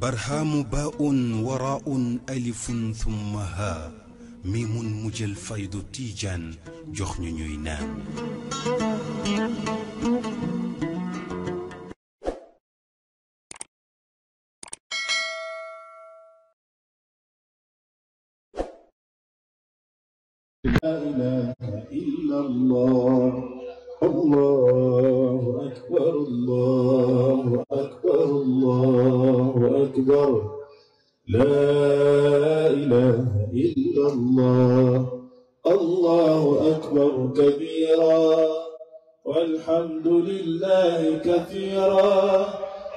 برهام باء وراء ألف ثم ها ميم مجل فيض تيجان جخن نينام لا إله إلا الله لا إله إلا الله الله أكبر كبيرا والحمد لله كثيرا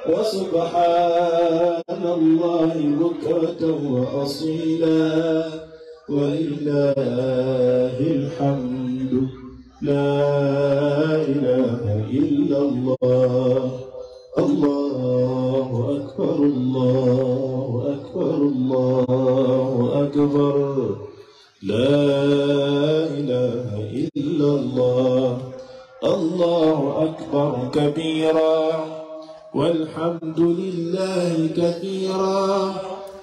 وسبحان الله بكرة وأصيلا ولله الحمد لا إله إلا الله لا إله إلا الله الله أكبر كبيرا والحمد لله كثيرا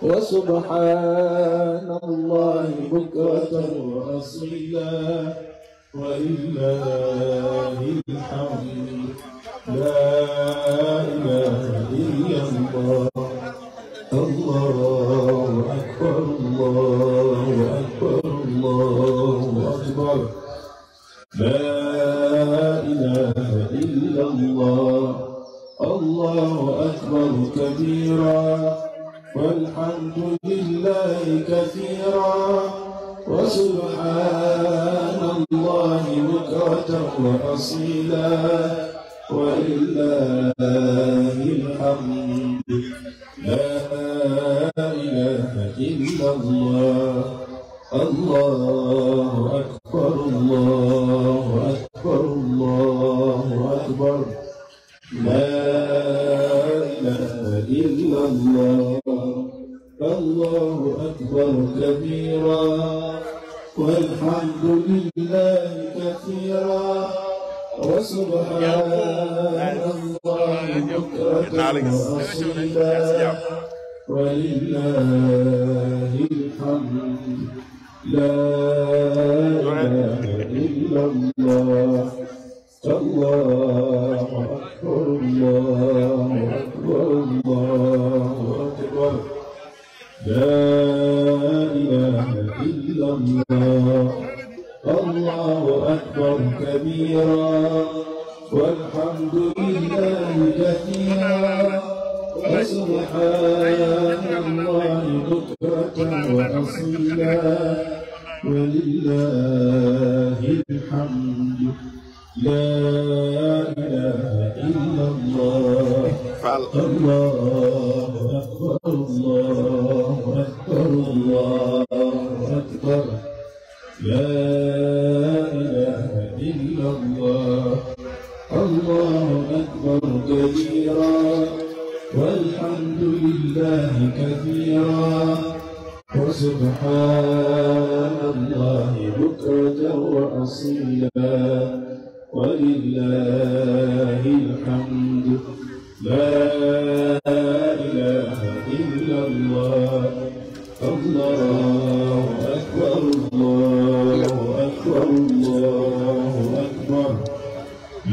وسبحان الله بكرة وأصيلا ولله الحمد لا إله إلا الله الله إلا الله الله أكبر كبيرا والحمد لله كثيرا وسبحان الله بكرة وأصيلا ولله الحمد لا إله إلا الله الله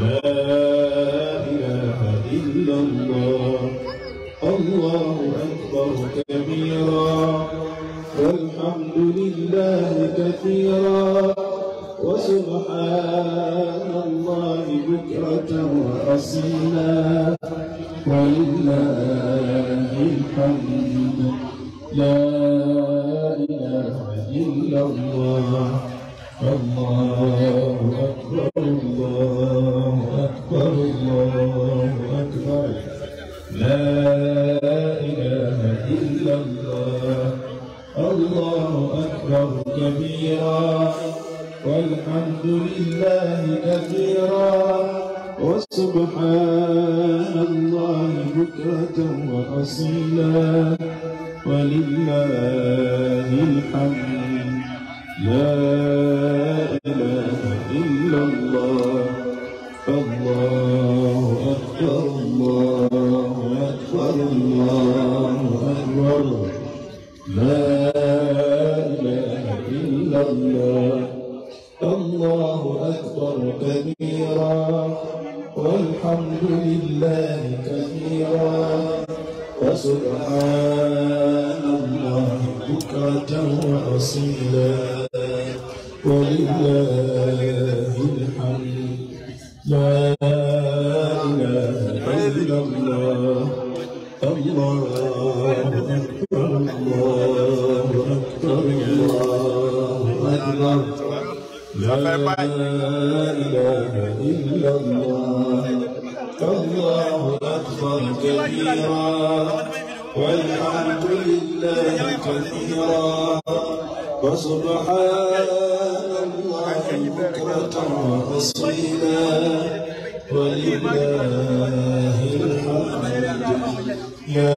لا إله إلا الله وقع أصيلا ولله الحمد يا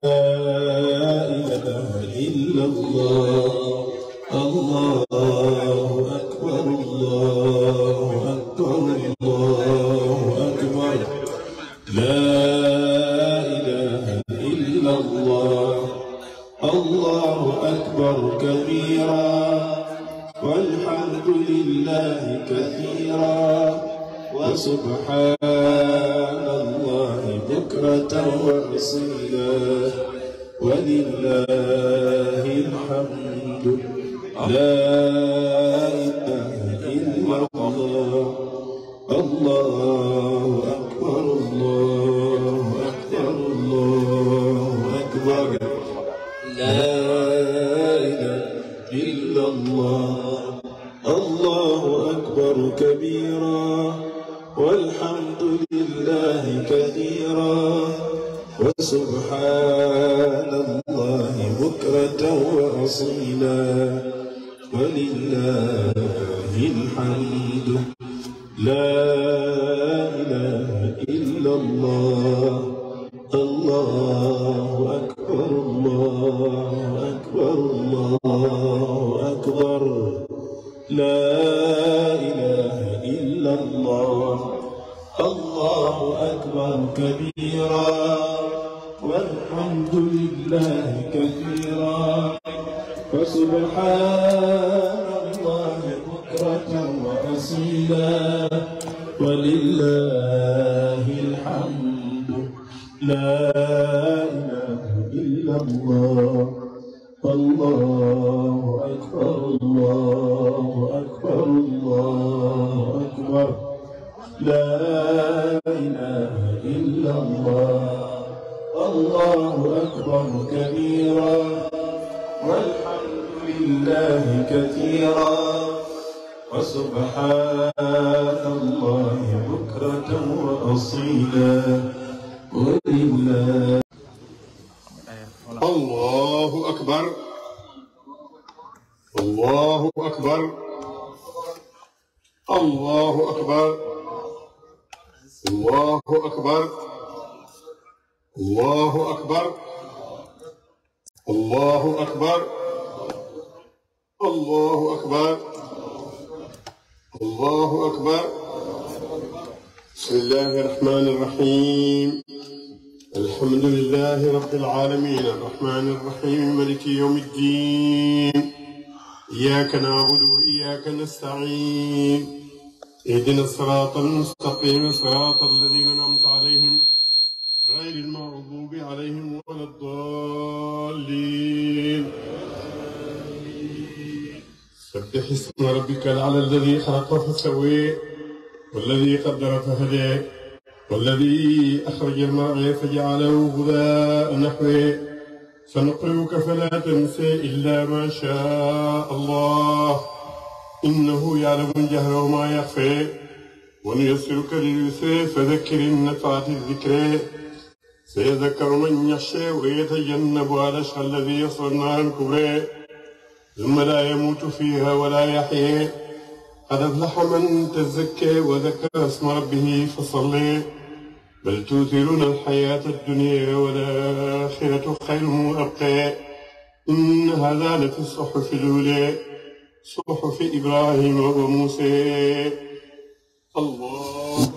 الله أكبر الله أكبر الله أكبر لا إله إلا الله الله أكبر كبيرا والحمد لله كثيرا وسبحان الله بكرة وأصيلا ولله الله أكبر أكبر الله أكبر الله أكبر الله أكبر الله أكبر الله أكبر الله أكبر بسم الله الرحمن الرحيم الحمد لله رب العالمين الرحمن الرحيم ملك يوم الدين إياك نعبد وإياك نستعين اهدنا الصراط المستقيم صراط الذين أنعمت عليهم غير المغضوب عليهم ولا الضالين سبح اسم ربك الأعلى الذي خلق فسوي والذي قدر فهدي والذي أخرج المرعي فجعله غذاء نحوه سنقرئك فلا تنسى إلا ما شاء الله إنه يعلم الجهر وما يخفى ونيسرك لليسر فذكر النفعة الذكرى سيذكر من يخشى على الأشقى الذي يصل النار الكبرى ثم لا يموت فيها ولا يحيى قد أفلح من تزكى وذكر اسم ربه فصلي بل تؤثرون الحياة الدنيا والآخرة خير وأبقى إن هذا لفي الصحف الأولى صحف إبراهيم وموسى الله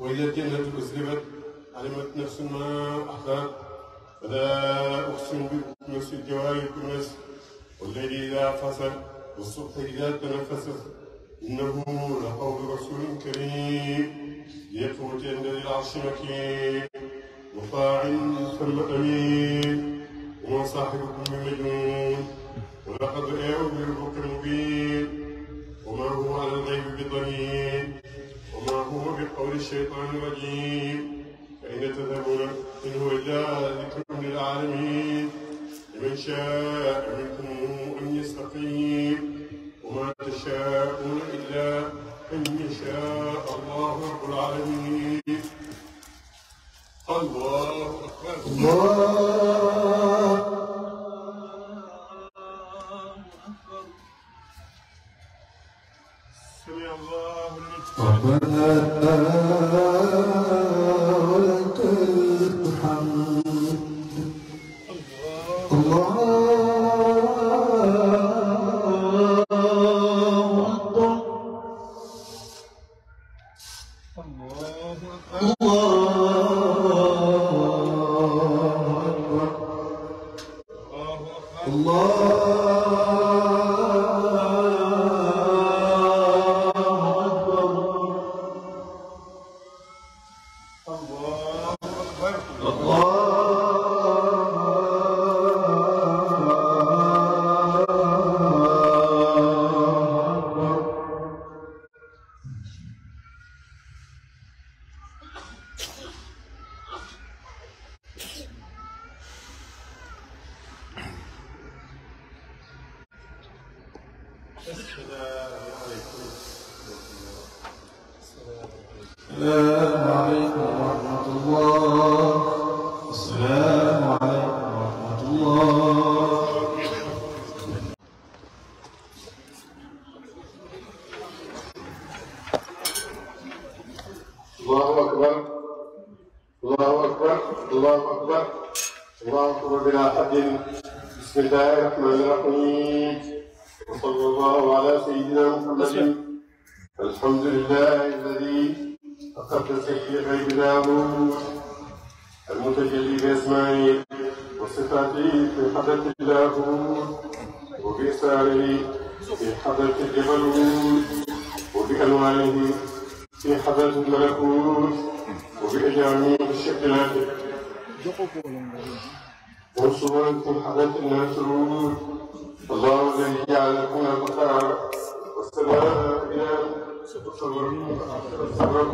وإذا الجنة أزلفت علمت نفس ما أحضرت فلا أقسم بالكنس الجوار الكنس والذي إذا فصل والصبح إذا تنفست إنه لقول رسول كريم ليخرج عند ذي العرش مكين مطاع ثم أمين وما صاحبكم بمجنون ولقد آوى بالبرق المبين وما هو على الغيب بضنين قول الشيطان الرجيم فإن تذهبون منه إلا ذكر للعالمين لمن شاء منكم أن يستقيم وما تشاءون إلا أن يشاء الله رب العالمين الله أكبر الله ربنا Uh,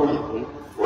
político.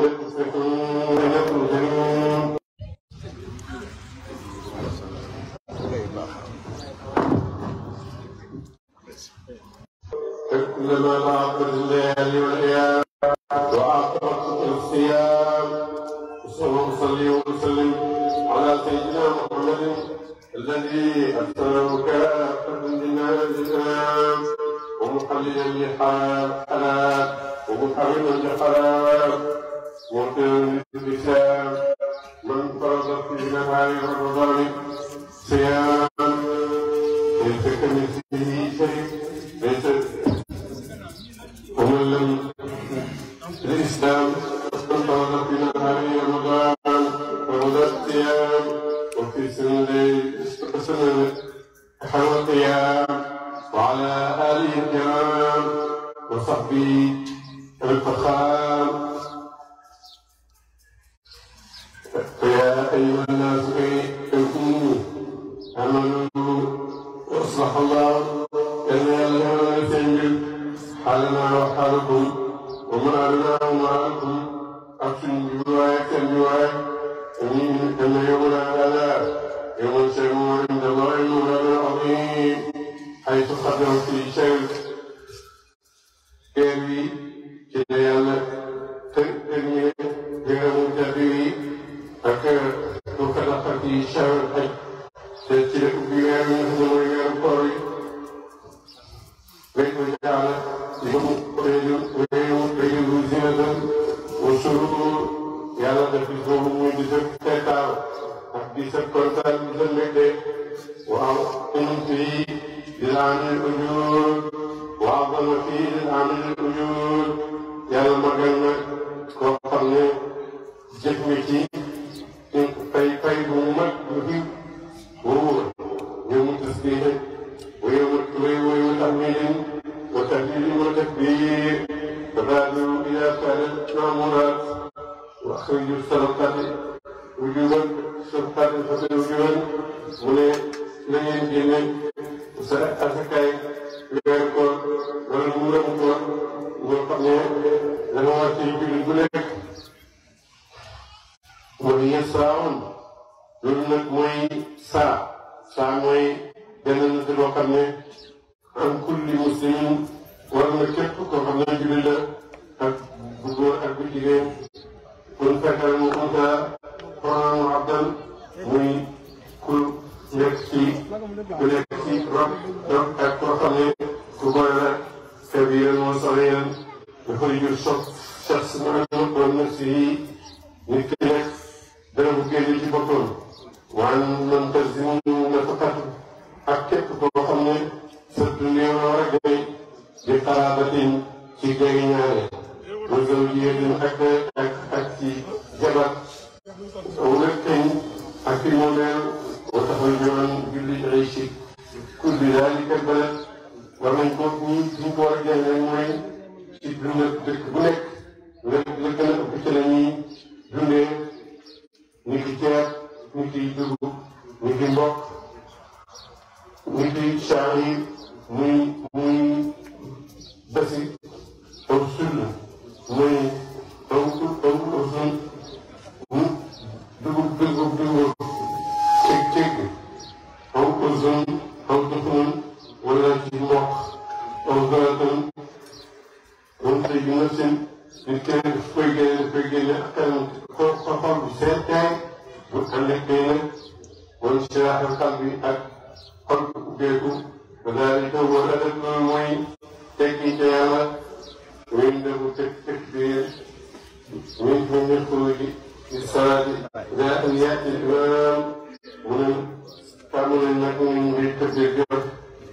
for ñuul yàlla magal na koo xam ne jëf mi ci wala ci mbokk aw donatan wante yu nga sin di teel fay génne fay génne ak kanam ko xol bi seen teey bu ànd ak day nag wala siraaxal xal bi ak xol bi ubbeeku kadaalika wala adab loolu mooy tekki ca yàlla wéyn dabu teg teg biir min fa min xuruji di salaati daa an yaati imaam mu ne tàmm nañ nag ñu ngi tëddee jëf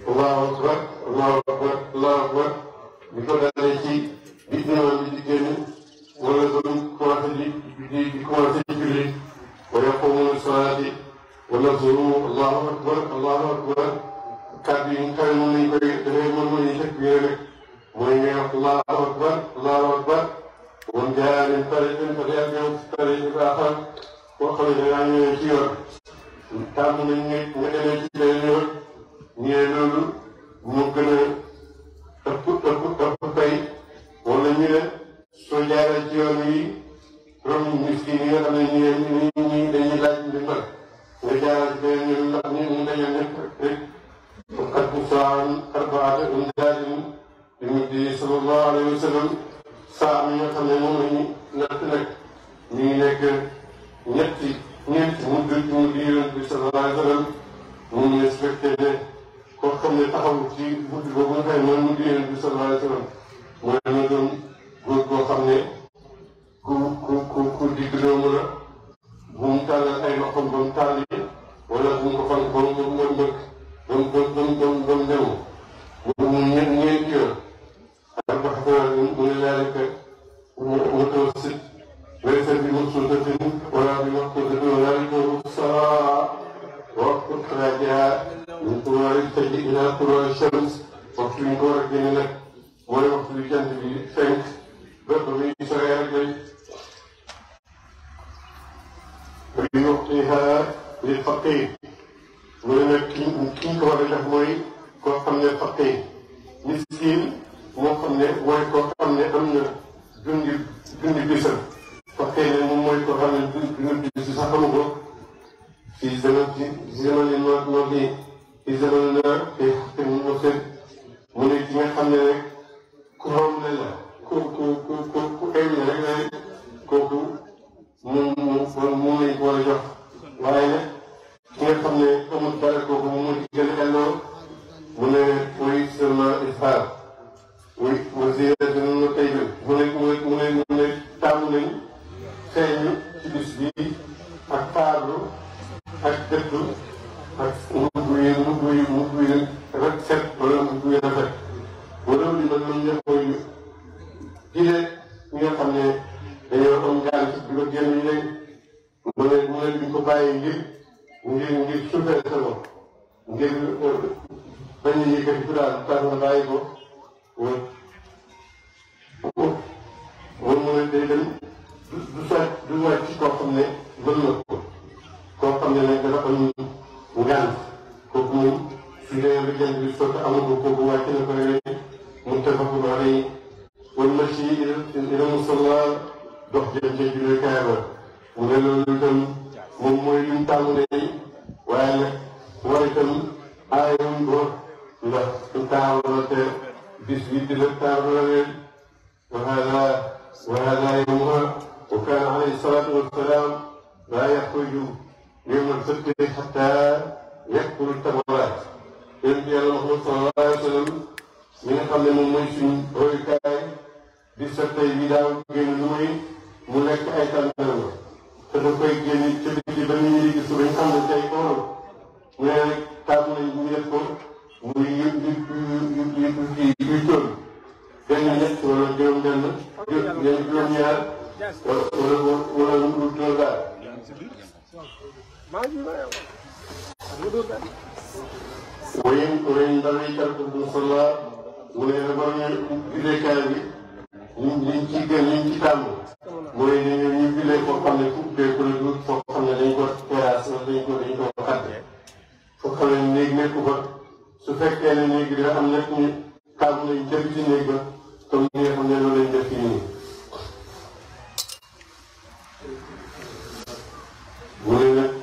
allahu akbar allahu akbar allahu akbar li ko dalee ci di néewal bi di génn wala doon commencé di di di commencé di julli wala xawmuna solaati wala zuru allahu akbar allahu akbar kàddu yi nga xam ne moom lañ koy dafay mën mën ñu teg biir rek mooy nga wax allahu akbar allahu akbar ومن جاء من طريق فليأتهم بطريق آخر وخرج عن يسير تام من يدل يسير ñu ne loolu moo gën a ëpp ëpp ëpp pay wala ñu ne soo jaaree ci yoon yi rom miskin yi nga xam ne ñu ne ñii dañuy laaj ndimbal nga jaaral ci yoon yi ndax ñu ñu dañoo nekk rek وقد صام أربعة أمداد للنبي صلى الله عليه وسلم saa mi nga xam ne moom la ñu natt nag ñu ngi nekk ñetti ñeenti mu dul mu di yonent bi sallallahu alayhi wa sallam mu ngi respecté ne koo xam ne taxaw ci guddi googu nga xam ne noonu liggéey bi sallallahu alayhi wa sallam mooy na doon góor goo xam ne ku ku ku ku digg doo mën a bu mu tàllal ay loxoom ba mu tàll yi wala bu mu ko fan ba mu ba mu bëgg ba mu ba mu ba mu ba mu dem bu mu ñe ñeenti yoon ak ba xataa mu ne laal ka mu mu taw sit laysa bi mabsuutatin wala bi mabsuutatin wala bi mabsuutatin saa waxtu rajaa min tuluu'i fajri ilaa tuluu'i shams waxtu ñu ko war a génn nag mooy waxtu bi jant bi fenk ba ba muy soree ak yooyu li yu'tiihaa lil faqiir mu ne nag ki ki ñu ko war a def mooy koo xam ne faqiir miskiin moo xam ne mooy koo xam ne am na dundi dundi bisam faqiir ne moom mooy koo xam ne dundi bisu sax amu ko fii zaman ci zaman yi ci zéro heure te te mu nga fekk mu ne ki nga xam ne rek ku romb la ku ku ku ku ku egg rek la rek kooku moom moom moom lañ ko war a jox waaye nag ki nga xam ne amul dara kooku mu ngi gën a elloo mu ne oui seulement isfaar oui aussi dinañ la tey mu ne mu ne mu ne mu ne tàmm nañ feeñu ci bis bi ak paarlu ak dëddu ak mujj yi mujj yi mujj yi rafet wala mujj yi rafet wala li ba mën nga koy jile ñi nga xam ne dañoo am gaal di ko génn mu ne mu ne di ko bàyyi ngir ngir ngir suufee sa bopp ngir bañ a yëkkati ko daal tax nga bàyyi ko wala mu ne day dem du du wàcc koo xam ne gën na ko koo xam ne nag dafa am Ngane kooku moom su ñu demee ba jant bi soo ko amatul kooku wàcc na ko ne muttafaqun alayhi wal mashi ila musalla dox jëm ca jullikaay ba mu ne loolu itam moom mooy li mu tàmm day waaye nag war itam aayam ko ndax su taawala te bis bi dina taawala leen wa hada wa hada yawmuha wa kaana alayhi salaatu wa salaam laa yaxruju يوم الفتح حتى يكبر التمرات yonent yàlla Muhammad sallallahu alayhi wa sallam mi nga xam ne moom mooy suñu royukaay di sottee bi daaw génn lu muy mu nekk ay tànnam te da koy génn ci biti woyin woyin ndawi tarku bu xulwa mu ne la borom bidekaay bi ñu ñu ci gën ñu ci tàmm mooy ne ñu bidee foo xam ne fu beeku la dut xam ne dañ ko terrasse wala dañ ko dañ ko xam ne néeg nekku fa ne ñu tàmm lañ néeg ba comme ni xam ne loolu lañ fii nii mu ne nag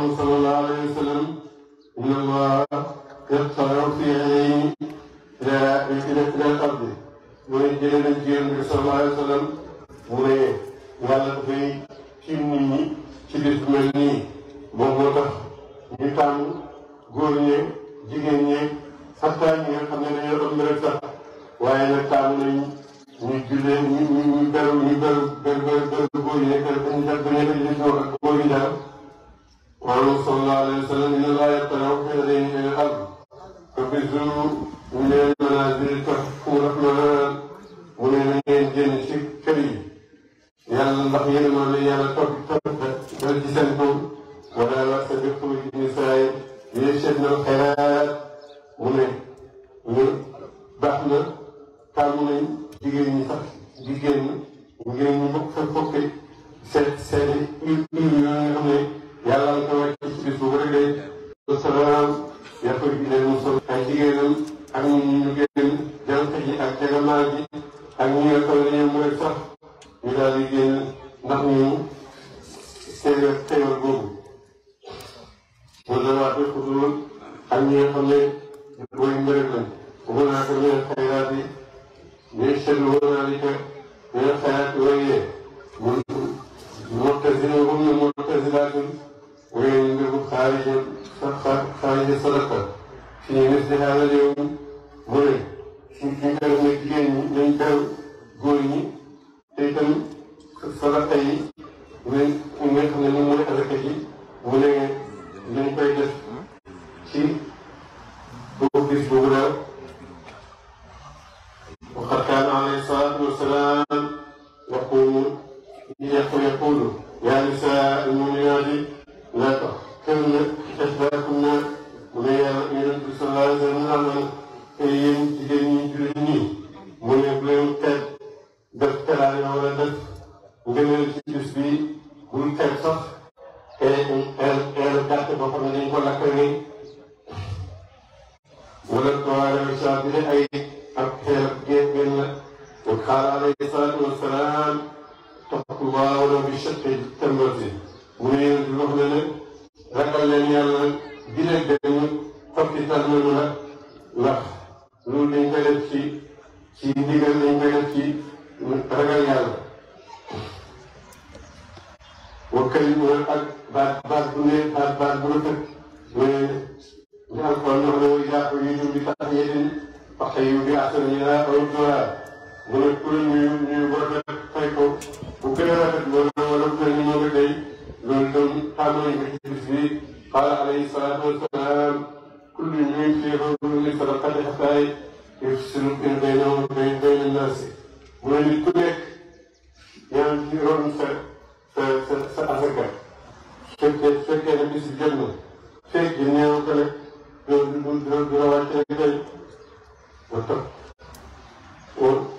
Amen. يقول يا نساء المؤمنات لا تحقرن حجابكن mu ne yonent bi sallallahu alayhi wa sallam am na te yéen jigéen ñi jullit ñi mu ne bu leen xeeb def teraanga wala def ngëneel ci bis bi bul xeeb sax te xeelu er, er gàtt boo xam ne dañ ko lakk nii wala toile saa bi ne ay ak xeer ak géej benn xaar alayhi salaatu wasalaam topp waa wala bi sëqi tëmbati mu ne yonent bi wax na ne ragal leen yàlla bi leen dañu xottital nañu nag ndax loolu dañ koy def ci ci ndigal dañ koy def ci ragal yàlla wa kalim ak baat baat bu ne baat baat bu rafet mais li alquran wax na wa idaa xuyiitum bi taxiyatin faxayyuu bi axsana minhaa aw rudduhaa wala kuréel yu ñuy woote fay ko bu gën a rafet loolu wala bu mel ni moom it day loolu itam tàmm nañ ko ci bis bi qaala alayhi salaatu wasalaam kullu yunfiqu li sadaqati xataay yufsilu baynahum bayna nnaasi mu ne nit ku nekk yaa ngi ci ron sa sa sa sa asaka fekkee fekkee ne bis bi jot na fekk yi néew ko nag loolu du du du la wàcce rek tey ba topp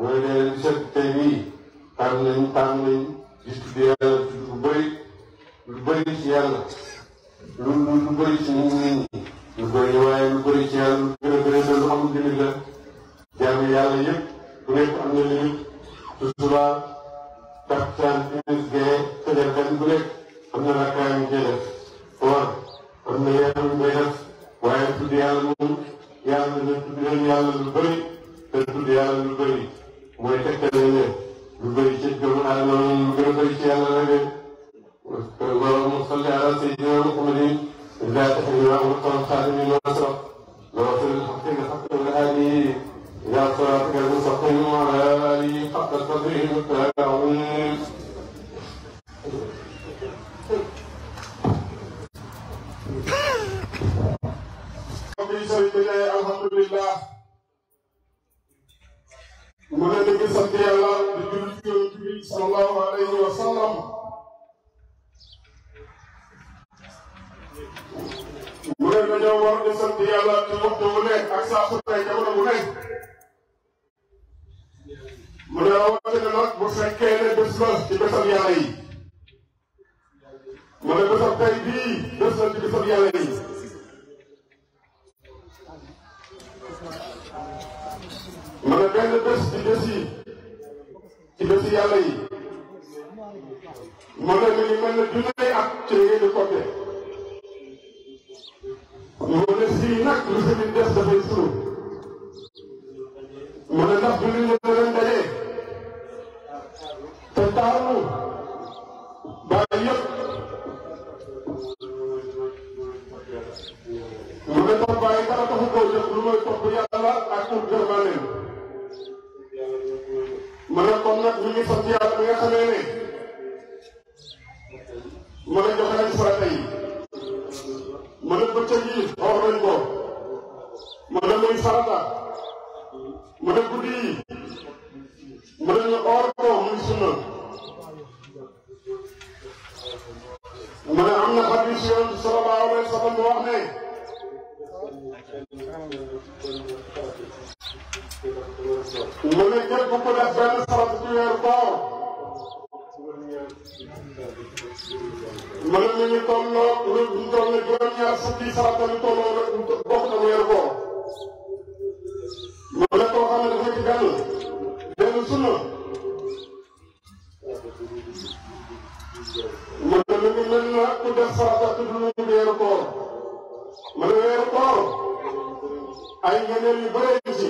mooy nee leen seet tey wii tànn nañ tànn nañ di tudd yàlla tudd lu bëri lu bëri ci yàlla lu lu lu bëri ci nit ñi lu bëri waaye lu bëri ci yàlla lu gën a bëri am njëriñ la jaamu yàlla yëpp bu nekk am na limite su subaa takkusaan timis gee fajar benn bu nekk am na rakkaay yu cay def war am na yenn yu may def waaye tudd yàlla moom yàlla na tudd leen lu bëri te tudd yàlla lu bëri mooy tegtale ne lu bëri ci doomu aadama moom mu gën a bëri ci yàlla la de اللهم صل على سيدنا محمد لا تحرم عمرك الخادم الناصر واغفر الحق الحق والهادي الى صراطك المستقيم وعلى اله حق قدره المتابعون ربي سبحانه الحمد لله mu ne ñu ngi yàlla di bi sallallahu alayhi wa sallam mu ne dañoo war di yàlla ci waxtu bu ak saa su nekk jamono bu nekk mu ne rawatina nag bu fekkee ne bés yàlla yi mu ne bésal tey bii bés la yàlla yi ma ne benn bés ci bés ci bés yi yàlla yi ma ne mi ngi mel ne junni at ci ngeen di compté ma ne sii nag lu si des dafay suru ma ne ndax julli ñu leen daje te taaru bàyyi yëpp ma ne topp bàyyi dara taxu koo jëf lu mooy topp yàlla ak pour ma ne kon nag ñu ngi sant yàlla bi nga xamee ne ma ne joxe nañ farata yi ma ne bëccëg yi wax nañ ko ma ne muy farata ma ne guddi yi ma ne ñu oor ko am na xadis yoon sallallahu alayhi wa sallam wax ne mën nañu tolloo lu toll ne juróom-ñaar fukki farata lu tolloo rek bokk na weeru koor mën na koo ne dafay ci gàll benn sunna mën na lu ñu mel na ku def farata tudd weeru koor mën na weeru koor ay ngëneel yu bëree ci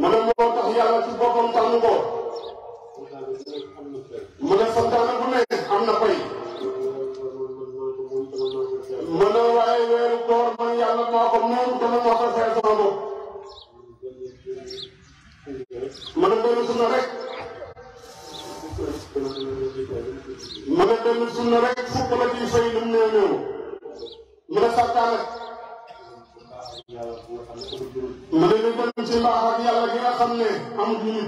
mën na moo tax yàlla ci boppam tànn ko mu ne santaane bu ne am na koy mu ne waaye weeru koor man yàlla moo ko moom te moo ko fay sama bopp mu ne benn sunna rek mu ne la ciy fay lu mu néew néew mu ne santaane mu ne lu gën ci mbaax ak yàlla gi nga xam ne amul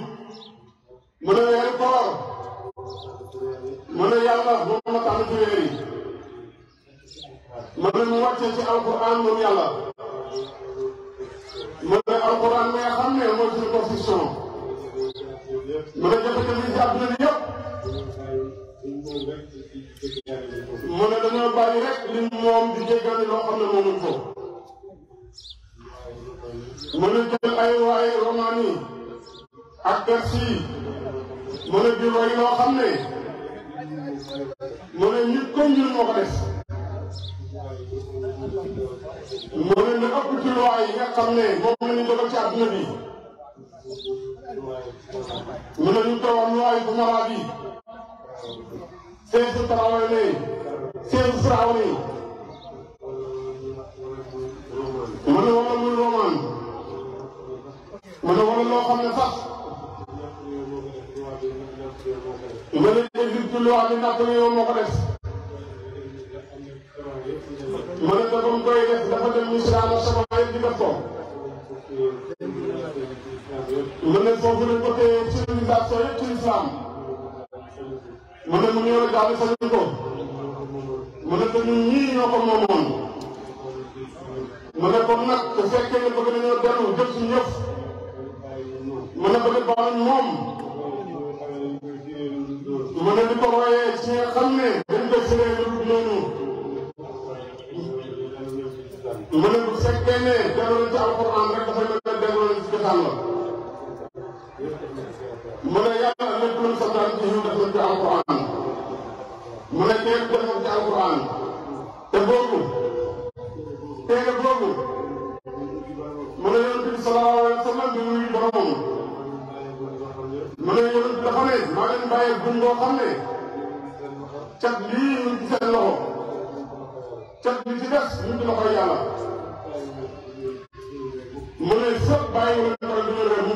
mu ne weeru koor mu ne yàlla moom ma tànn ci weer yi a ne mu wàccee ci alquran moom yàlla mu ne alquran mi nga xam ne mooy suñu constitution mu ne jafe-jafe ci àdduna bi yëpp mu ne dañoo bàyyi rek li moom di jéggani loo xam ne moomuñ ko mu ne jël ay waaye roman ak persi yi mën a jur way loo xam ne moo ko def mën a na ëpp ci loi yi nga xam ne moom la ñu dogal xam ne sax nga leen di déglu loo xam ne natt na yow moo ko def. ma ne dafa mu koy def dafa dem misaal sama yëpp di def ko. ma ne foofu lañ ko téye civilisation yëpp ci islam. ma ne mu ñëw rek daal di ko. ma ne te ñun ñii ñoo ko moomoon. ma ne kon nag bu fekkee ne bëgg nañoo dellu jël suñu yëf. ma ne bëgg baaluñ moom. mu ne di ko wooyee ci nga xam ne dañ ko sëree lu dul noonu mu ne bu fekkee ne demoon ci alquran rek dafay mën a demoon ci jotaan la mu ne yàlla lépp lu santaan ci ñu def nañ ci alquran mu ne kenn demoon ci alquran te boobu téere boobu mu ne yonent bi sallallahu alayhi wa sallam bi muy boromam mu ne yonent dafa ne maa leen bàyyi buñ boo xam ne cat lii ñu ci seen loxo cat bi ci des ñu ci loxoy yàlla mu ne sëpp bàyyi wala dara du ñu rebu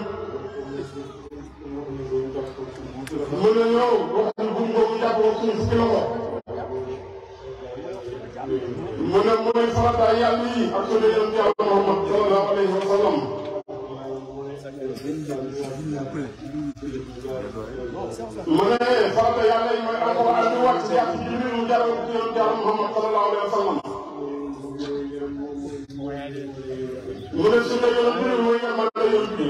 mu ne yow wax ni buñ boobu jàppoo suñu fukki loxo mu ne mooy farata yàlla yi ak sunna yonent yàlla Muhammad sallallahu alayhi wa sallam mu ne farata yàlla yi mooy alquran bi wàcc si yàq yi mu jaral ko yoon jaral Muhammad sallallahu alayhi wa sallam mu ne su dee yoon bi mooy yërmande yoon bi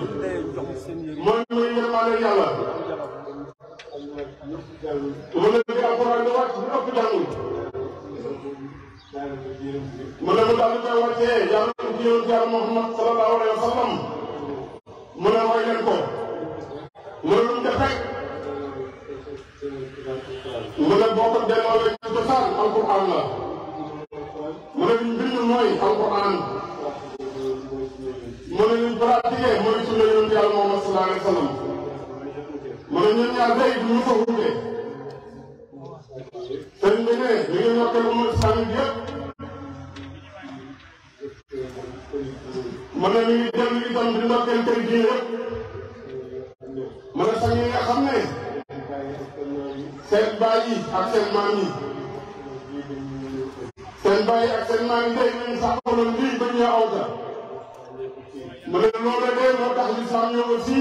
mooy muy yërmande yàlla mu ne bi alquran bi wàcc bi ëpp jàngul mu ne mu daal di koy wàccee jaral ko yoon jaral Muhammad sallallahu alayhi wa sallam mu ne mooy leen ko mënuñ ko fay. mu ne boo ko delloo rek ci cosaan alquran la. mu ne liñ bind mooy alquran. mu ne liñ pratiqué mooy sunna yonent yàlla Muhammad sallallahu alayhi wa sallam. mu ne ñun ñaar day du ñu ko wute. sëriñ bi ne li ngeen yokkal umar sànni yëpp. mu ne mi ngi dem li tam di ndokkeel tey jii yëpp. mën a sax ñi nga xam ne seen baay yi ak seen maam yi seen baay yi ak seen maam yi day nañu saxaloon lii ba ñuy awta mu ne loolu dee moo tax lislaam ñëw aussi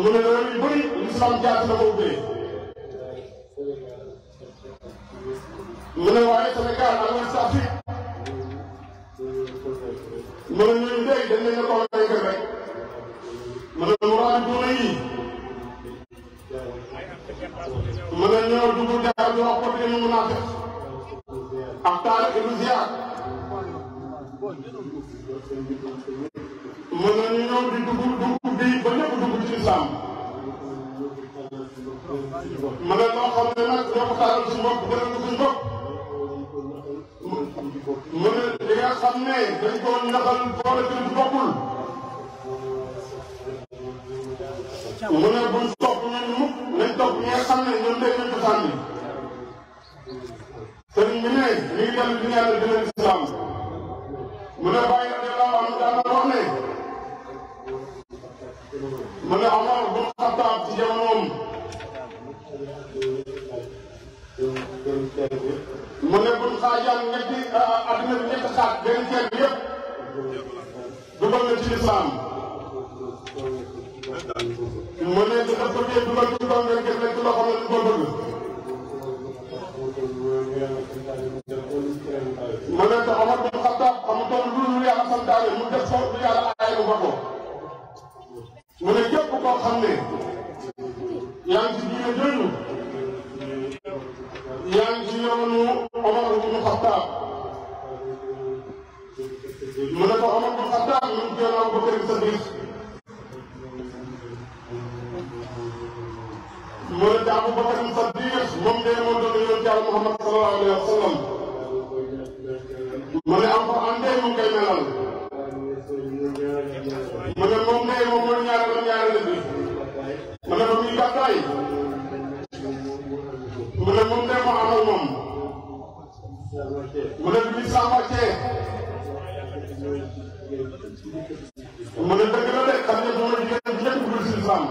mu ne loolu yu bëri lislaam jaat na ko ubbee mu ne waaye Sénégal am na sax fi mu ne ñun day dañ leen a mën a mën a mën yi. mën a ñëw dugg dara ñu wax ko te ñu mën a def. Axtaar ibnu Ziyaad. mën nañu ñëw di dugg dugg bii ba ñëpp dugg ci lislaam. mën na loo xam ne nag ñoo ko taaral suñu bopp gënal ko suñu bopp. mën na li nga xam ne dañ ko ñaxal boole ci lu bokkul. mu ne buñ topp nañ mukk nañ topp ñi nga xam ne ñoom day nañ cosaan bi sëriñ bi ne ñu ngi dellu ci yàlla dina lislaam mu ne bàyyi radiyallahu anhu daana wax ne mu ne bun Xattaab ci jamonoom mu ne buñ xaajaan ñetti adduna ah, mu ne di xas ko kii dugal ci kaw ngeen gis leen ci loxo ngeen ko bëgg. mu ne te Omar bin Xattaab amutoon lu dul yàlla santaane mu def ko lu yàlla aaye mu ba ko. mu ne képp koo xam ne yaa ngi ci diine jooju yaa ngi ci yoonu Omar bin Xattaab mu ne ko Omar bin Xattaab ñu ngi ci yoonu Abubakar Sadiq mu ne te Abubakar Siddiq moom de moo doon yonent Yàlla Muhammad sallallahu alayhi wa sallam mu ne am fa am dee mu koy melal mu ne moom de moom mooy ñaareelu ñaareelu bi mu ne moom ñu gàddaay mu ne moom de moo amal moom mu ne bi saa wàccee mu ne dëgg la de xam ne moom la jigéen ñëpp dul si sàmm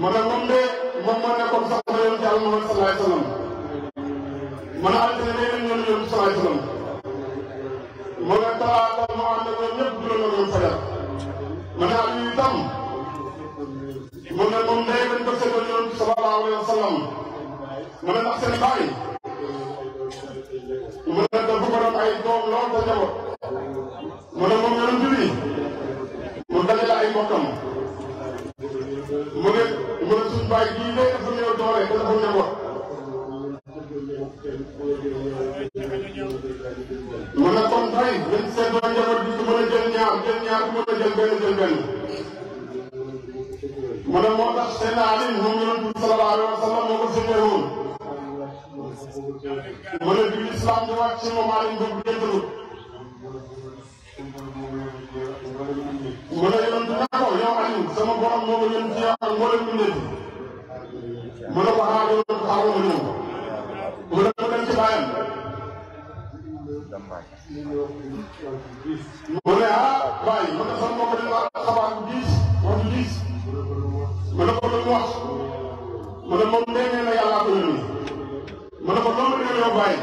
ma ne moom de moom moo nekkoon sax na yoon ci Yàlla Muhammad sallallahu alayhi wa sallam ma ne altine day dem yoonu yoon sallallahu alayhi wa sallam ma ne talaata ma ànd ak ñoom ñëpp juróom ak ñoom fajar ma ne Aliou itam ma ne moom day dañ ko seetoon yoon sallallahu alayhi wa sallam ma ne ndax seen baay ma ne dafa ko doon ay doom lool te njaboot dem gën a jël benn mu ne moo tax seen Ali moom yonent bi sallallahu alayhi wa sallam moo ko fekkee woon mu ne bi lislaam di wàcc ci moom Ali boobu déggalut mu ne yonent ne ko yow Ali sama borom moo ko yónni ci yow ak mboolem bi nekk mu ne ko xaaral ko xaaral ma ñëw mu ne ko dem ci bàyyam mu ne ah bàyyi mu ne sama mbokk dañu wax xabaar bu diis wax bu diis mu ne ko lu mu wax mu ne moom nee nee na yàlla ko yónni mu ne ko loolu nee na bàyyi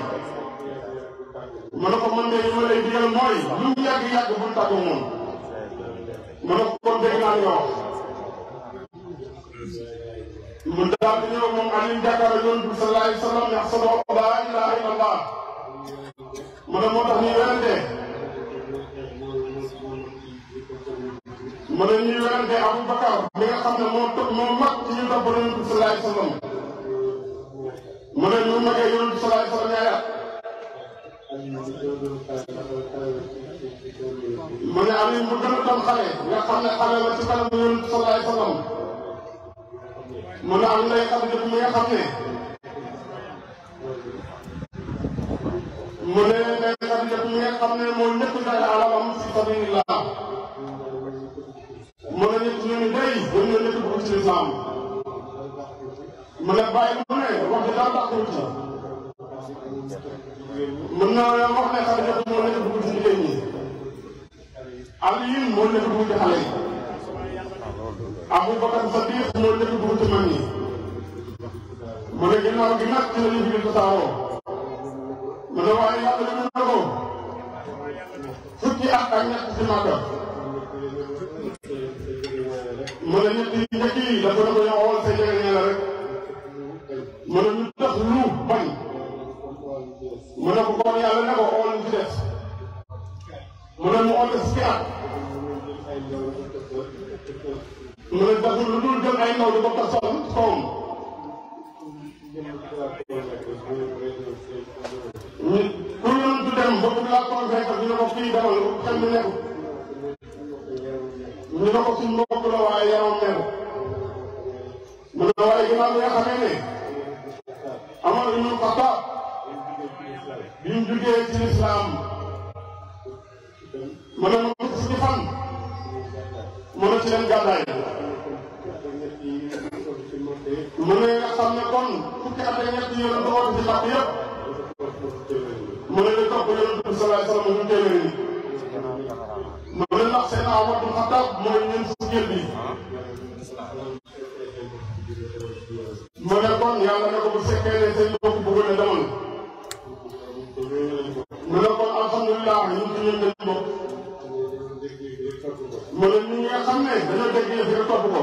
mu ne ko man de li ma lay digal mooy lu mu yàgg yàgg bu mu tàggu moom mu ne ko kon dégg naa li nga wax mu daal di ñëw moom Aliou jàkkaarloo yoon bi sallallahu alayhi wa sallam ndax sa doom laa ilaha illallah mu ne moo tax ñuy werante mu ne ñuy werante Abu Bakar mi nga xam ne moo topp moo mag ci ñu topp Yonent bi sallallahu alayhi wa sallam mu ne ñu magee Yonent bi sallallahu alayhi wa mu ne Aliou mu gën a doon xam ne xale la ci kanam Yonent bi sallallahu alayhi wa sallam mu ne am nay xam jëf mi nga xam ne mu ne nga xam ne mooy ñëpp dara alalam fi sabilillah mën na nit ñooñu day dañ nga nekk dugg ci lislaam mën na bàyyi mu ne wax dëgg daa baaxul ci mën na wax ne xale yëpp moo nekk dugg ci jigéen ñi Aliyin moo nekk dugg ci xale yi Abubakar Sadiq moo nekk dugg ci mag ñi mën na ginnaaw gi nag ci la ñu fi tasaaroo mën na waaye yàlla ci am ak ñàkk si màggal mu ne ñett yi njëkk yi dafa ne ko yoxool sa jege ñee la rek mu ne ñu def lu bañ mu ne ko kon yàlla ne ko xool ñu ci def mu ne mu xool def fukki at mu ne deful lu dul jël ay ndaw di ko ko sol kawam bëgg laa convaincre ñu ne ko fii demal xel mi nekk ñu ne ko suñ mbokk la waaye yaram mel mu ne waaye ginnaaw bi nga xamee ne amoon ibnu Xattaab bi mu jugee ci lislaam mu ne ma si fan mu ne ci leen gàddaay mu ne nga xam ne kon fukki at ak ñett yi doon ci bàq yëpp mu ne leen topp yonent bi salaay salaam ñu téeméer yi mu ne ndax seen Amadu Xataab mooy ñeent fukkeel bi mu ne kon yàlla ne ko bu fekkee ne seen bopp bëgg na demal mu ne kon alhamdulilah ñun fi ñun dañu bopp mu ne ñi nga xam ne dañoo dégg yëf rek topp ko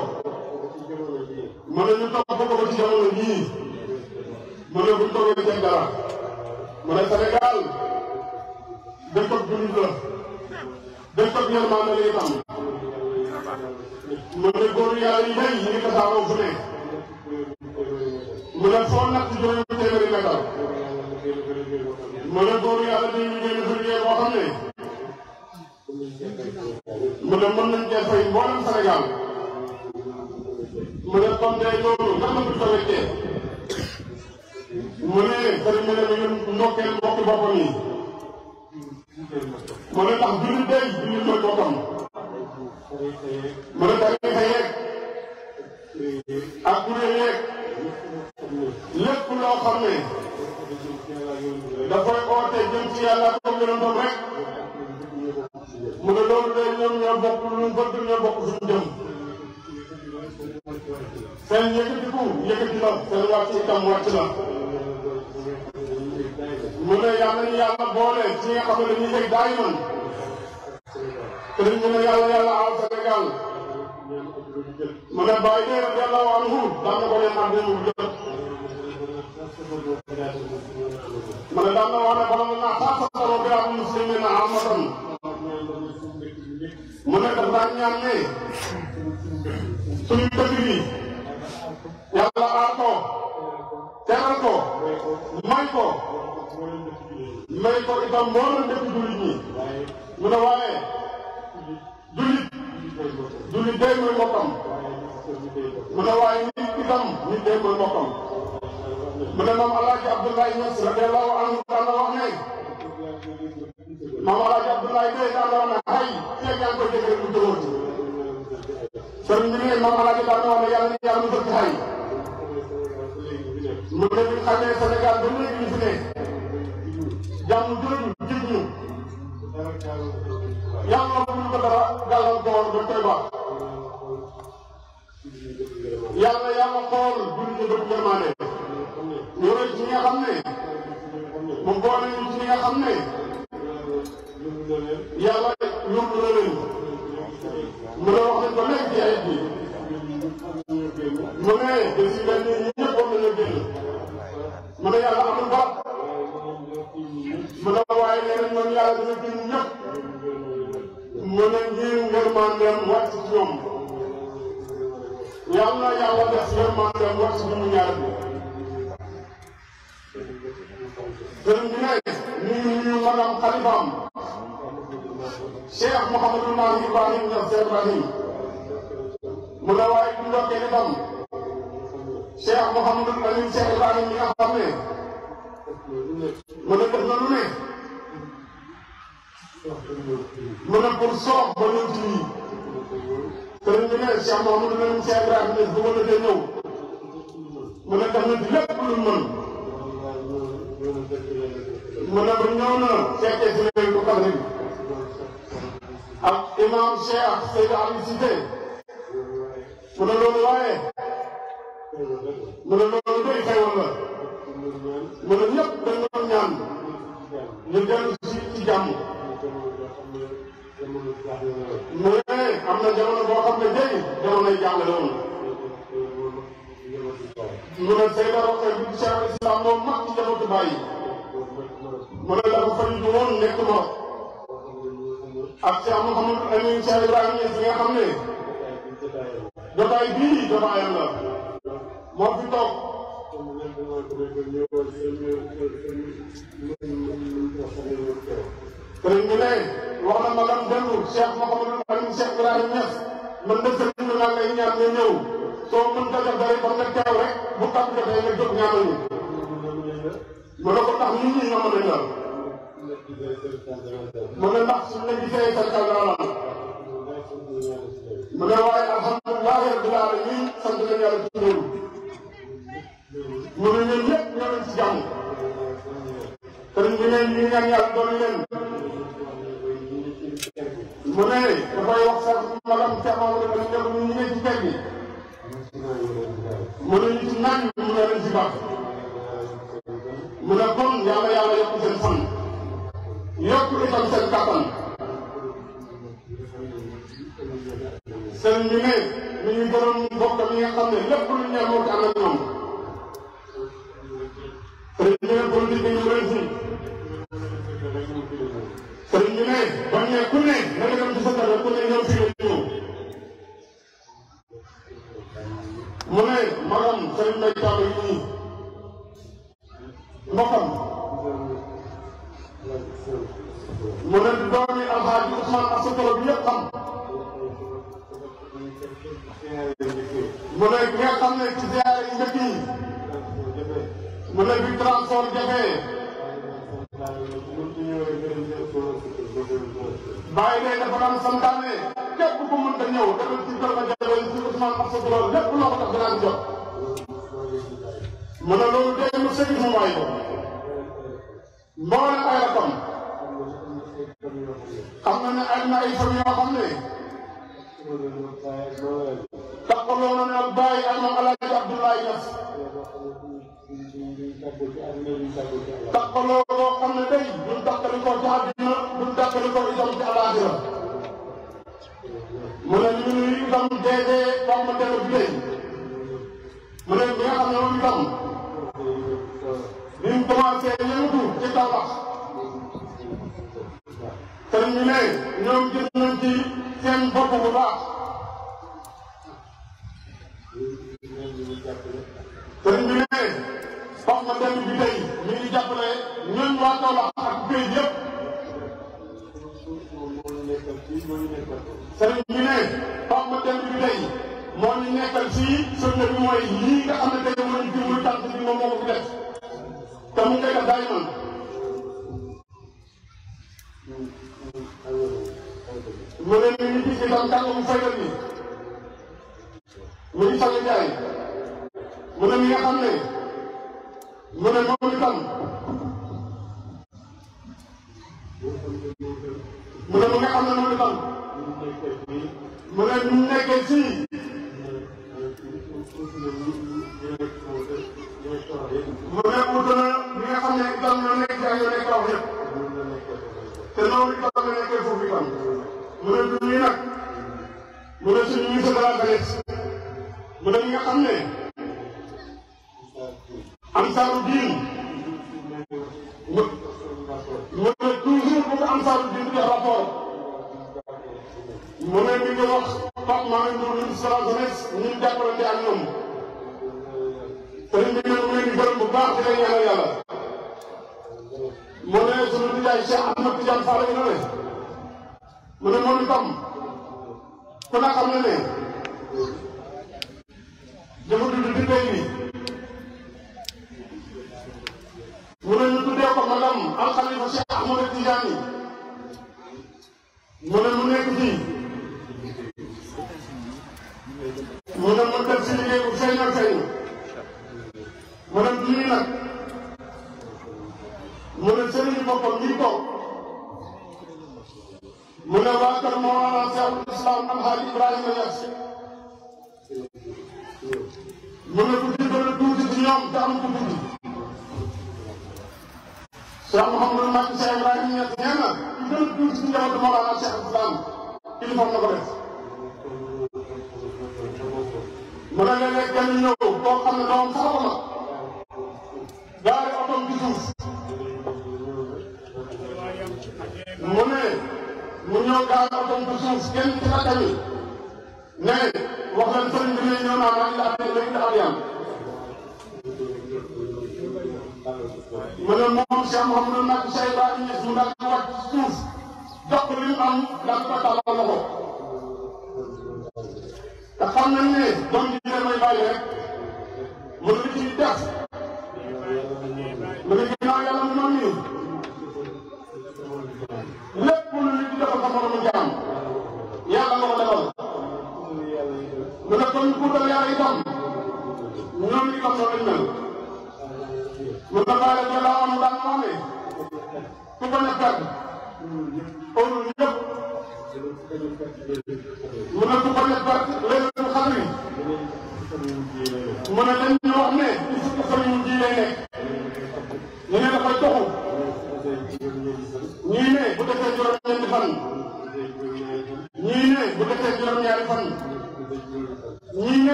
mu ne ñu topp ko ba ci jamono jii mu ne buñ toogee seen dara mu ne Sénégal dëkk jullit la dëkk yërmande la itam mu ne góor yàlla yi day ñu ngi tasaaroo fu ne mu ne foo natt juróomi téeméeri metal mu ne góor yàlla day liggéey liggéey boo xam ne mu ne mën nañ cee fay mboolem Sénégal mu ne kon tey loolu naka la ko weccee mu ne sëriñ bi ne na boppam yi mu ne du ñu béy du ñu mooy boppam mu ne tarixa ak kuréel yeeg loo xam ne dafay oote jëm ci yàlla comme yonentam rek mu ne loolu day ñoom ñoo bokk lu bëgg ñoo bokk suñu jëm seen yëkkatiku yëkkati la seen wàcc itam wàcc la mu ne yàlla ñu yàlla boole ci nga xam ne dañuy yëg daay man te dañ ñu ne yàlla yàlla aal Sénégal mu ne bàyyi nee na yàlla waa Ndiour daan na ko ne man dañu jot. mu ne daan na wax ne borom naa sax sa borom bi ak muslimin na amatan mu ne daf daan ñaan ne suñu dëkk bi yàlla aar ko teral ko may ko may ko itam moo doon dëkk jullit ñi mu ne waaye jullit jullit day mooy boppam mu ne waaye nit itam nit day mooy boppam mu ne moom Alaaji Abdoulaye Niass radiyallaahu anhu daan wax ne moom Alaaji Abdoulaye day daan wax ne xay feeg yaa ngi koy dégg rek du jógoon sëriñ bi ne moom Alaaji daan wax ne yàlla na yàlla mu jot xay xamee Sénégal ba léegi ñu fi ne jàmm jooju jiw ñu yàlla buñ ko dara gàllankoor ba tey ba yàlla yàlla xool buñ ñu bët yërmaane yore ci ñi nga xam ne mu boole ñu ci ñi nga xam ne yàlla yóbbu na leen mu ne wax nañ ko léegi ci ayib bi mu ne mu ne yàlla amul bopp mu ne waaye nee na ñoom yàlla dina bind ñëpp mu ne ngir ngërmandeem wàcc ci ñoom yal na yàlla def ngërmandeem wàcc ci ñu ñaar bi sëriñ bi ne ñu ñu magam xalifaam Cheikh Mouhamadou Mahi Ibrahim Niass Ibrahim mu ne waaye du ndokkee itam Cheikh Mouhamadou Alioune Cheikh Ibrahima mi nga xam ne mën na def ne mën na pour soox ba ñëw ci nii sëriñ bi ne Cheikh Mouhamadou Alioune Cheikh Ibrahima ne bu mën a dee ñëw mën na def na di lépp lu mën mën na bu ñëw na fekkee si léegi bu xam ak imam Cheikh Seydou Aliou Cissé mën na loolu waaye mu a loolu day xewal la a ne ñëpp dañ si ci jàmm mu ne am na jamono boo xam ne day jamonoy jàngale woon mu ne Seyda Roqe bi Cheikh al Islam moom mag ci jamatu bàyyi mu ne dafa faridu woon nekk ma ak Cheikh Mouhamadou Amin Cheikh Ibrahima Niass nga xam la moo fi toog kon nag maa ngi koy ñëwal seen ñu ne wax na ma lan dellu Cheikh Mouhamadou Alim Cheikh Ibrahima Niass man de sëñ bi maa lay ñaan nga ñëw soo mën a def dara ba nga teew rek bu tàmm jotee nga jóg ñaanal ñu. mën na ko tax ñun ñu ñoo mën a ñor. mën na ndax suñu la gisee sargal dara mu ne waaye alhamdulilah rabbil alamin sant nañu yàlla ci loolu mënu leen yëpp ñoom si jàmm sëriñ bi ne ñu ñaan yàlla doon leen mu ne dafay wax sax magam Cheikh Mamadou Bari Ndiaye mu ñëwee ci kër gi mu ne ñu ci naan sëriñ bi ne politique bi ñu rëy si. sëriñ bi ne ba mu ne ku ne nga dem ci sa kër ku ne ñëw fii la ñëw. mu ne magam sëriñ Mbaye Talla yi nii. mbokkam. mu ne doomi Alxaaji Ousmane Asakoro bi yëpp am. mu ne nga xam ne ci ziyaare yi njëkk yi. mu ne bi transport jafee. bàyyi ne dafa daan santaane képp ku mënta ñëw demal ci kër nga jafe ci Ousmane Moussa Diop lépp loo ko tax daan jot. mu ne loolu dégg lu sëñ bi mooy. mboolem ay rakam. xam nga ne am na ay famille yoo xam ne. taxuloo na ne bàyyi ak moom El Hadj Abdoulaye Niass. tàqaloo boo xam ne tey ñun tàqalikoo ci àddina ñun tàqalikoo itam ci àllaaxira mu ne ñu ngi itam déedee fàmm dellu bi tey mu ne ñi nga xam ne moom itam ñu commencé yëngu ci tabax te ñu ne ñoom gis seen bopp bu sëriñ bi ne wax na benn bi tey ñu ngi jàppale ñun waa Kaolack ak béy yëpp. sëriñ bi ne wax na benn bi tey moo ñu nekkal fii sëriñ bi mooy lii nga xam ne tey moom moo ko fi mu ngi koy def daay man. ñu ne ñu ngi gis mu ni ñu ngi sànni mu ne mi nga xam ne mu ne moom itam mu ne mi nga xam ne moom itam mu ne ñu nekkee fii mu ne ut na mi nga xam ne itam ñoo nekk ci ay yoo nekk wax yëpp te noonu itam la nekkee foofu itam mu ne du ñuy nag mu ne suñu ñu sa dara mu ne mi nga xam ne ansaaru diin mu ne toujours bu ko di rapport mu ne mi wax Ndour di gërëm bu baax di leen ñaanal yàlla mu ne sunu Tidiane Cheikh Ahmed Tidiane Fall ñu ne mu ne moom itam ku ne xam ne dafa dund di moom alxalifa Cheikh Ahmad Tidiane mu ne mu nekk fii mu ne mu def si liggéey bu feeñ ak feeñ mu ne lii nag mu ne sëriñ boppam ñi toog mu ne waa kër Mawlana Cheikh Islam Alhaji Ibrahima Niass mu ne ku ci gën a tuuti ci ñoom te am ku Cheikh Mouhamadul Maam Cheikh Ibrahim Niass nee na li gën a tuuti ci njabootu Mawlana Cheikh Islam uniforme na mu ne léeg-léeg kenn ñëw koo xam doom sax ko gaari otom ci suuf. mu ne mu ñëw gaari otom ci suuf kenn ci rakka mi ne wax leen sëriñ bi ne ñëw naa maa ngi ànd mu ne moom Cheikh Mouhamadou Mbacké Cheikh Ibrahima Niass mu daal di wàcc suuf jox ko li am daal di ko tàllal loxo te xam nañ ne doom ji dina may bàyyi rek mu ne ci def mu ne ginnaaw yàlla mu noonu nii lu nit di defal ko moromu jaam yàlla nga ko defal mu ne ku dal yàlla itam ñoom itam noonu lañ mel bu taxaare ñu la am daan moome ku ko ne fekk olu ñëpp mu ne ku ko ne fekk leen xam ni mu ne dañ ñu wax ne ci sëriñ ji lay nekk ñu ne dafay toxu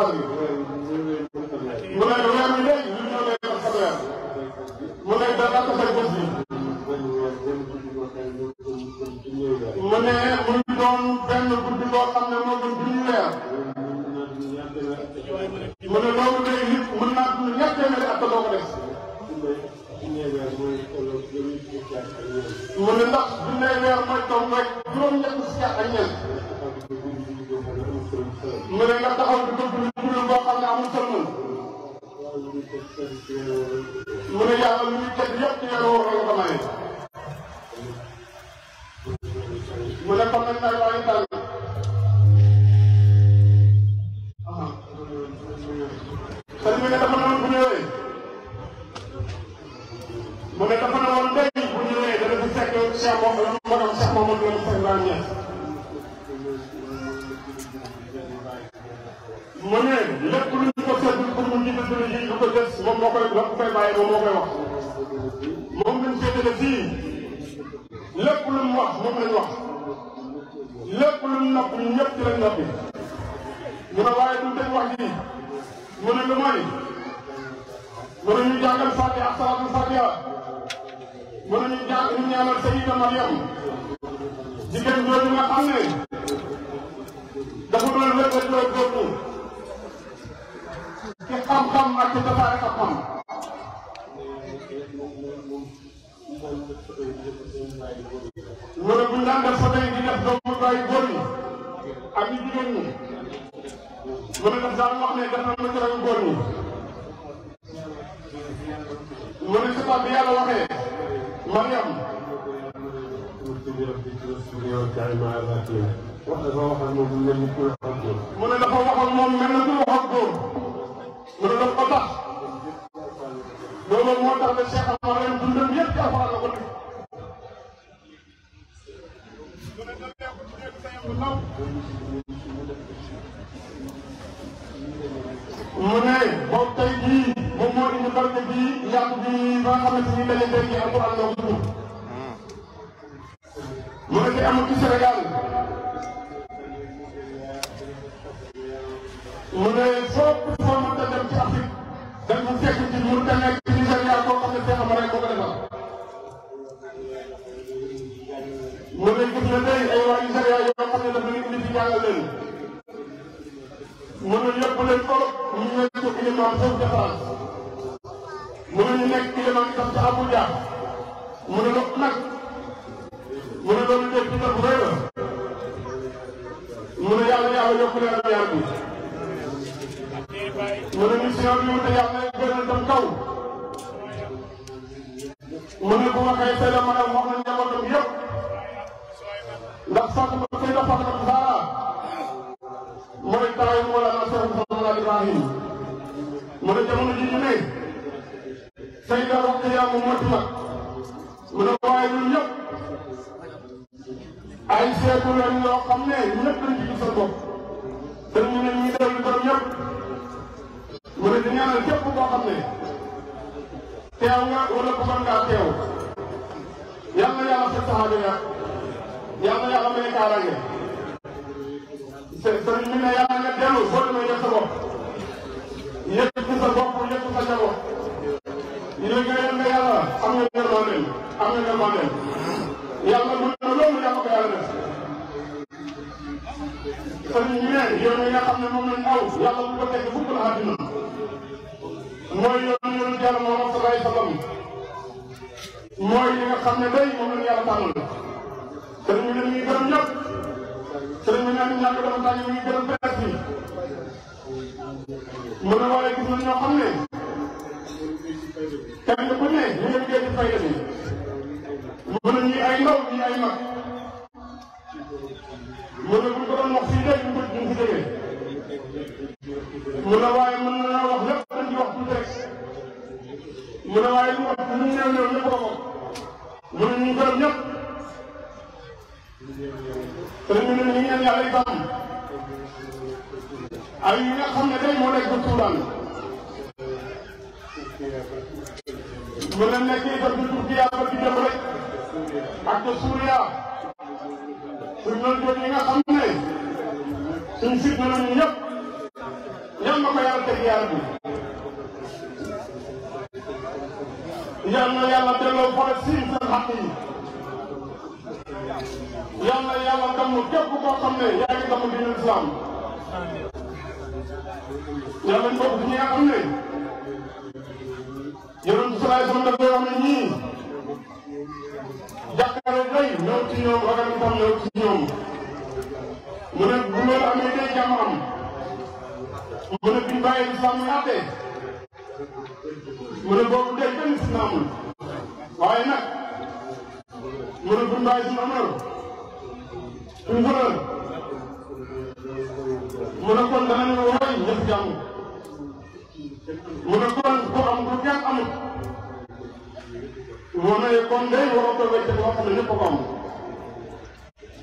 fan yi mu ne weer wi léegi ñun ñoo lay doon sa weer mu ne da nga ko fay bés bi mu ne muy doon benn guddi boo xam ne moo gën junni weer mu ne loolu day nit mën naa dund ñett téeméeri at doo ko def mu ne ndax junni weer mooy taw rek juróom-ñett si ak ñeent mu ne nga taxaw di ko Thank you. lépp lu mu noppi ñëpp ci lañ noppi mu ne waaye du dégg wax ji mu ne lu mooy mu ne ñu jàngal Fatiha salaatul Fatiha mu ne ñu jàng ñu ñaanal Sayyida Mariam jigéen jooju nga xam ne dafa doon wér-wér góorgóorlu ci xam-xam ak ci tasaare xam-xam mu ne bu ñu daan def photo yi di def doomu baayu góor ñi ak yu jigéen ñi mu ne daf daan wax ne def na météo yu góor ñi mu ne si bi yàlla waxee Mariam wax dafa waxoon moom mel ni ku waxoon góor mu ne dafa waxoon moom mel na ku waxoon góor mu ne daf ko tax loolu moo tax ne Cheikh Amar dundam mu ne boobu tey jii moom moo indi barke bii yàqu bii nga xamante ni dañuy dégg alquran la mu ne te amul ci Sénégal tey gis nga tey ay waa Nigéria yoo xam ne dañu indi fi jàngal leen. mënuñ yóbbu leen Europe ñu nekk imam foofu ca France. mënuñ nekk imam itam ca Abuja. mu ne nag nag. mu ne loolu def ci tax bu rëy la. mu ne yàlla yàlla yokk leen ak yàlla bi. mu ne mission bi mu ne yàlla gën a dem kaw. mu ne bu ma koy seede ma dem wax na njabootam yëpp. ndax sax ma koy defal ak Zara mooy taayu Mawlana Cheikh Mouhamed Ibrahim mu ne jamono ji ñu ne Seyda Rokhaya mu mot la mu ne waaye ñun ñëpp ay seetu leen yoo xam ne ñëpp dañ ci gis sa bopp te ñu ne ñuy dellu borom ñëpp mu ne di ñaanal képp koo xam ne teew nga wala ko mën ngaa teew yàlla yàlla sa ya yàlla na yàlla may kaaraange sëriñ bi ne yàlla nga dellu soo demee yëpp sa bopp yëpp sa bopp yëpp sa njaboot yooyu nga yem ne yàlla am nga yërmande am nga yërmande yàlla mën na loolu yàlla ko yàlla def sëriñ bi ne yoon yi nga xam ne moom lañ aw yàlla bu ko teg fukk la àddina mooy yoon yoonu yàlla moom sallallahu alayhi wa sallam mooy li nga xam ne day moom lañ yàlla tànnal sëriñ bi dañuy gërëm ñëpp sëriñ bi nee nañ ñàkk doon tànn ñu ngi gërëm presse bi mu ne waaye gis nañ ñoo xam ne kenn ku ne ñu ngi liggéey ci fayda bi mu ne ñii ay ndaw ñii ay mag mu ne bu ko doon wax fii léegi ñu ngi ko jógee mu ne waaye mën na wax lépp dañ ci wax tuuti rek mu ne waaye lu ëpp lu ñu néew néew ñëpp ko mu ne ñu gërëm ñëpp te ñu ne ñu ngi ay yi xam ne tey moo nekk Tuubaa mu ne nekkee itam di Turkiya ba di Suuriya suñ doon jot xam ne suñ fit na ñu ma ko yàlla teg yàlla bi yal siin seen xaq yi yal na yàlla damm képp koo xam ne yaa ngi damm diine islam yal nañ bokk ci ñi nga xam ne yonent bi salaay sama dafa wax ne ñii jàkkaare day ñëw ci ñoom ragal itam ñëw ci ñoom mu ne bu loolu amee day jàmm am mu ne biñ bàyyi islam yi àtte mu ne boobu day benn islam waaye nag mu ne Bounda yi am na. mu ne. mu ne kon danañ la wooy ñëpp jàmm. mu ne am ku kenn amul. mu ne kon de waroo ko wécc boo xam ne ñëpp ko am.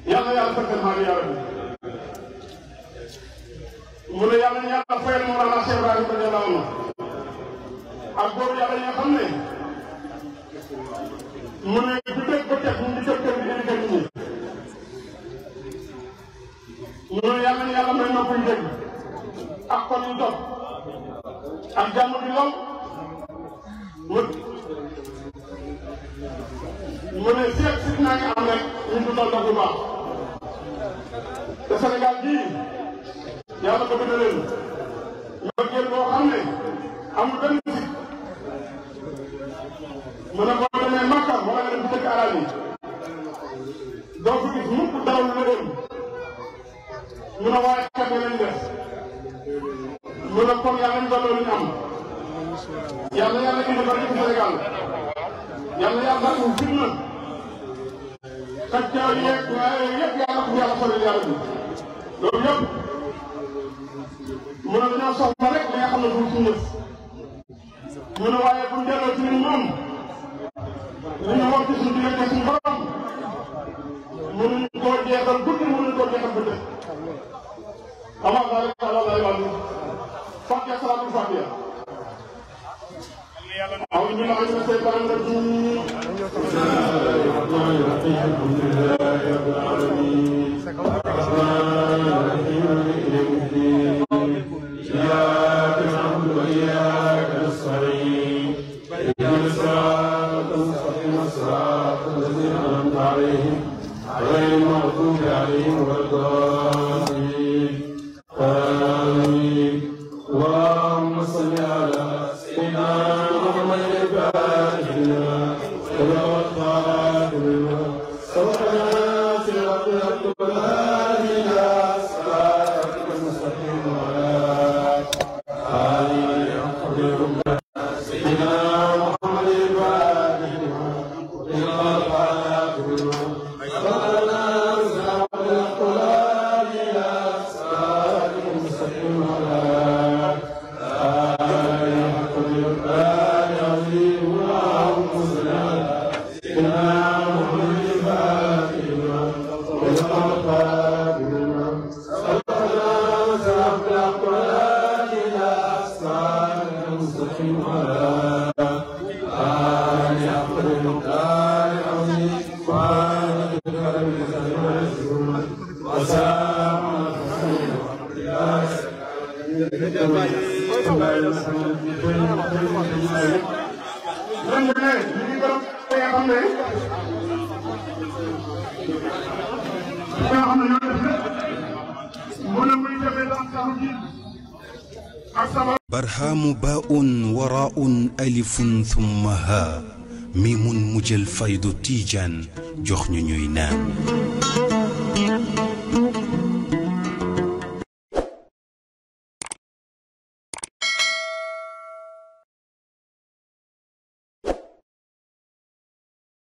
yàlla yàlla fekk naa ne yàlla bi. mu ne yàlla ñaata fayal mu ràllaa Cheikh Ibrahima radiyallahu anhu ak mu ne bu dee ba tax ñu jot tamit indi dëgg ñi. ñu ne yàlla na yàlla may noppi dëgg ak kon ñu topp ak jàmm bi lool mu mu ne seet si naa ngi am rek ñu dundal ndox bu baax te Sénégal bii yàlla ko bëgg leen mbëggeel boo xam ne amul benn si mu ne ko ne Makka wala nga dem dëkk arab yi doo ko gis mukk daw lu leen ñu ne waaye kat lañ def ñu ne kon yàlla ñu doon ñu am yàlla yàlla indi bari ci Sénégal yàlla yàlla ñu fitna xajjaaw yeeg waaye yëpp yàlla ko yàlla sori yàlla bi loolu yëpp mu ne dañoo soxla rek li nga xam ne du suñu yëf ñu ne waaye bu ñu delloo ci ñun ñoom ñu wax ci suñu diggante suñu borom mënuñu koo jeexal guddi mënuñu koo jeexal guddi amaa naa rek ala lay wàllu fàtte salaatul fàtte أعوذ بالله من الشيطان الرجيم بسم الله الرحمن الرحيم الحمد لله رب العالمين الرحمن الرحيم jël faydu tiijan jox ñu ñuy naan